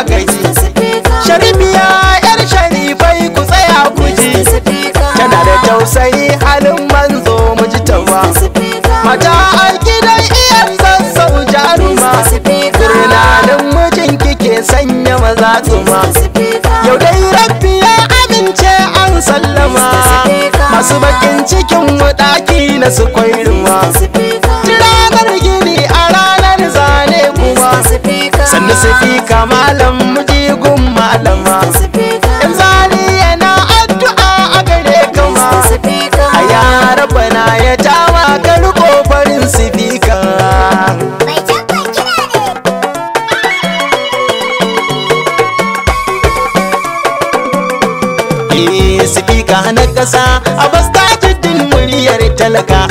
aka ji sharifiya yar sharifai ku tsaya ku ji tana da tausayi halin manzo mu ji mata a gidan iyar sassau jaruma birnanin mijin kike sanya maza tsuma yau dai rabbi ya amince an sallama masu bakin cikin mu ɗaki na su kwairuwa na sifika malam mujigun malama in zali yana addu'a a gare kama a yara bana ya tawa ka riko farin sifika Sifika na ƙasa eh, a basta jiddin muryar talaka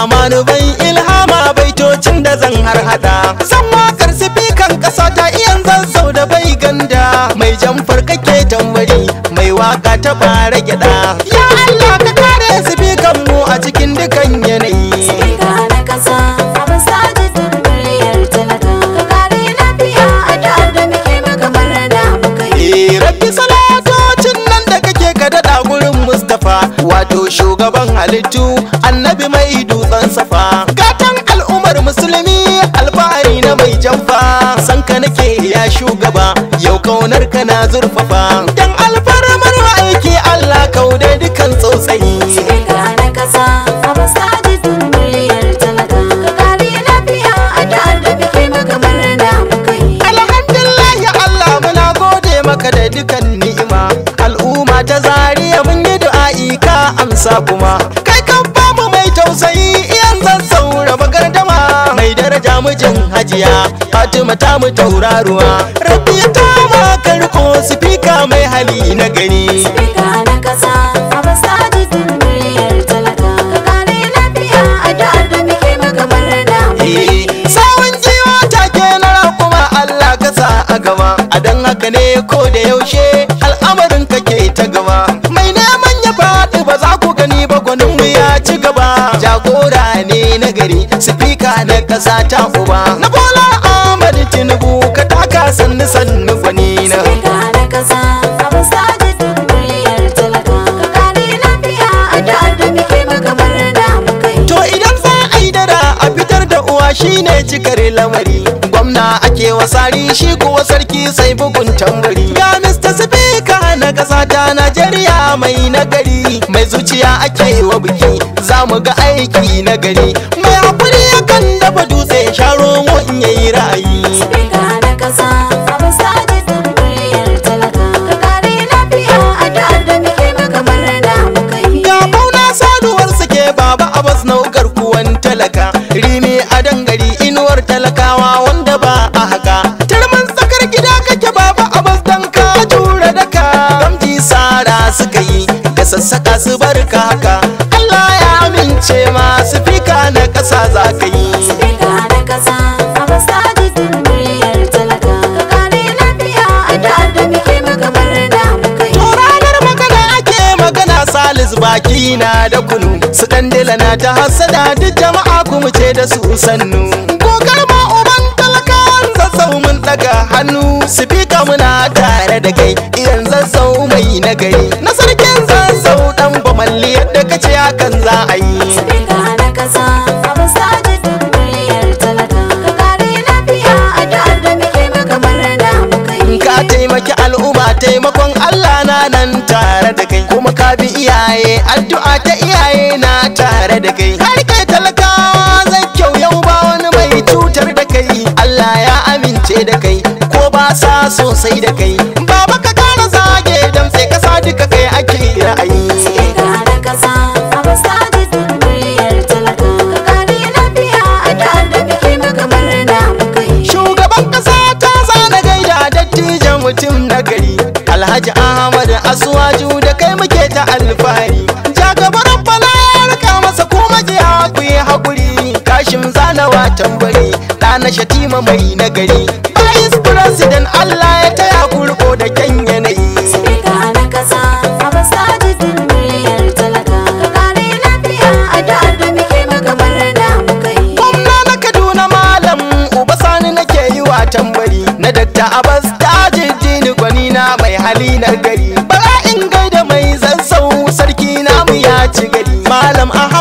Amanu bai ilhama baitocin da zan har hada san wakar sifikan kasa ta iyan zazzau da bai ganda mai jamfar kake tambari mai waka ta fara gyaɗa. ya wato shugaban halittu annabi mai dutsen safa gatan al'ummar musulmi alfahari na mai jamfa sanka nake ya shugaba yau kaunar ka na zurfafa dan alfa masoya fatima ta mu tauraruwa rabbi ya maka riko sifika mai hali na gari sifika na kasa a masajidin muryar talaka ka kare lafiya addu'ar da muke maka barna eh, sawun jiwa take na rakuma allah ka sa a gaba a don haka ne ko da yaushe al'amarin ke ta gaba mai neman ya faɗi ba za ku gani ba gwanin mu ya ci gaba jagora ne na gari sifika na kasa ta uba na Shi ne cikar lamari gwamna ake wasari shi kuwa sarki sai bugun tambari ga Mr. Speaker na ƙasa ta Najeriya mai nagari mai zuciya ake wa biki za mu ga aiki nagari mai hakuri akan dafa dutse sharo mu in yayi ra'ayi kandila na ta hasada duk jama'a mu ce da su sannu kokar ma uban talaka zazzau mun daga hannu sifika muna tare da kai iya bi iyaye addu'a ta iyaye na tare da kai har kai talaka zai kyau yau ba wani mai cutar da kai Allah ya amince da kai ko ba sa sosai da kai na watan ɗana shatima mai nagari bayan su Allah ya taya kurko da kyan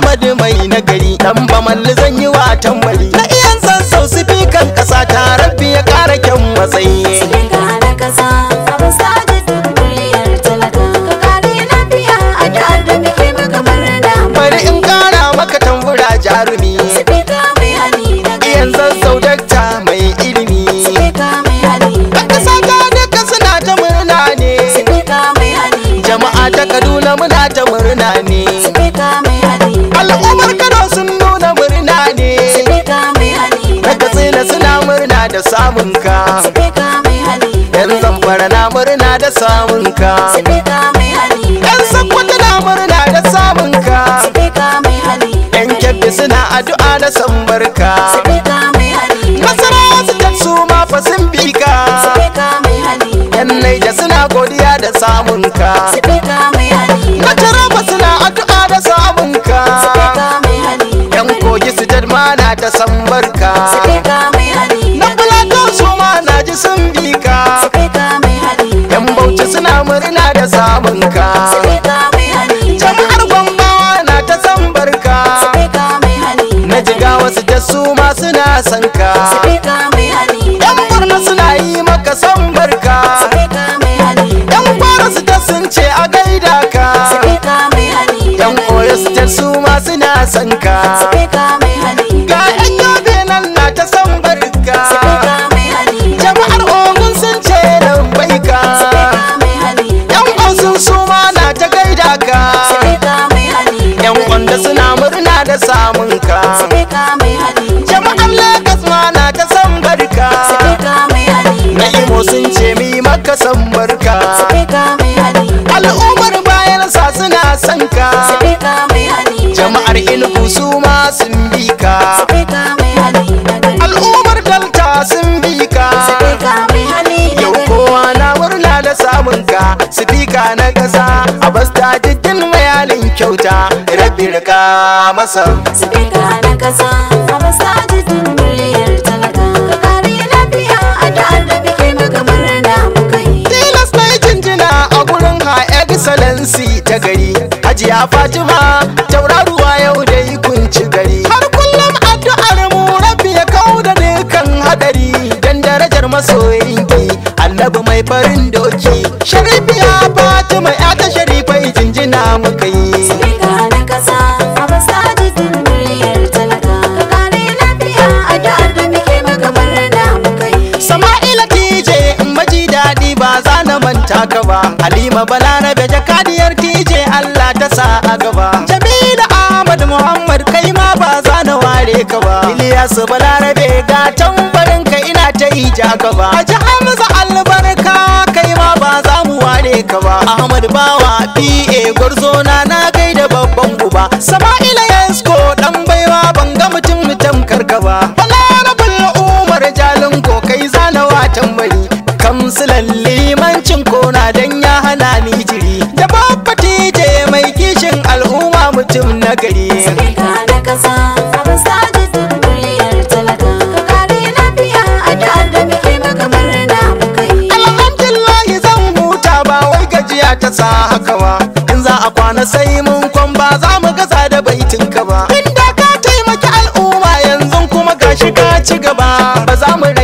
Muhammadu mai nagari dan bamalli zan yi wa tambari da samun ka yan zamfara na murna da samun ka yan sakwata na murna da samun ka yan kyabbi suna addu'a na sambar ka Masara su su ma fa sun bi ka yan naija suna godiya da samun ka na jaraba suna suna son ka yan barna suna yi maka son barka yan kwara su ta sun ce a gaida ka yan koyo su ta su ma suna son ka son ka jama'ar inugu su ma sun bi ka al'ummar delta sun bi ka yau kowa na murna da samun ka sifika na ƙasa a basta jijjin mayalin kyauta rabbi rika masa a fatima tauraruwa yau da yi kunci gari har kullum addu'ar mu rabbi ya kawo da dukan hadari dan darajar masoyinki annabi mai farin doki sharifiya fa halima balarabe jakadiyar tije allah ta sa a gaba jamila ahmad muhammad kai ma ba za na ware ka ba Ilyasu balarabe ga tambarin ka ina ta ija ka ba haji hamza albarka kai ma ba za mu ware ka ba ahmad bawa pa gwarzo na na gaida babban guba sama'ila yasko dan baiwa ban ga mutum mutum karka ba umar jalin kai zanawa tambari kamsu na gari sabika na kasa abin sadu duniyar talaka ka kare lafiya a da'ar da muke maka murna muka yi alhamdulillahi zan huta ba wai gajiya ta sa haka ba in za a kwana sai mun kwan ba za mu gaza da baitinka ba inda ka taimaki al'umma yanzu kuma gashi ka ci gaba ba za mu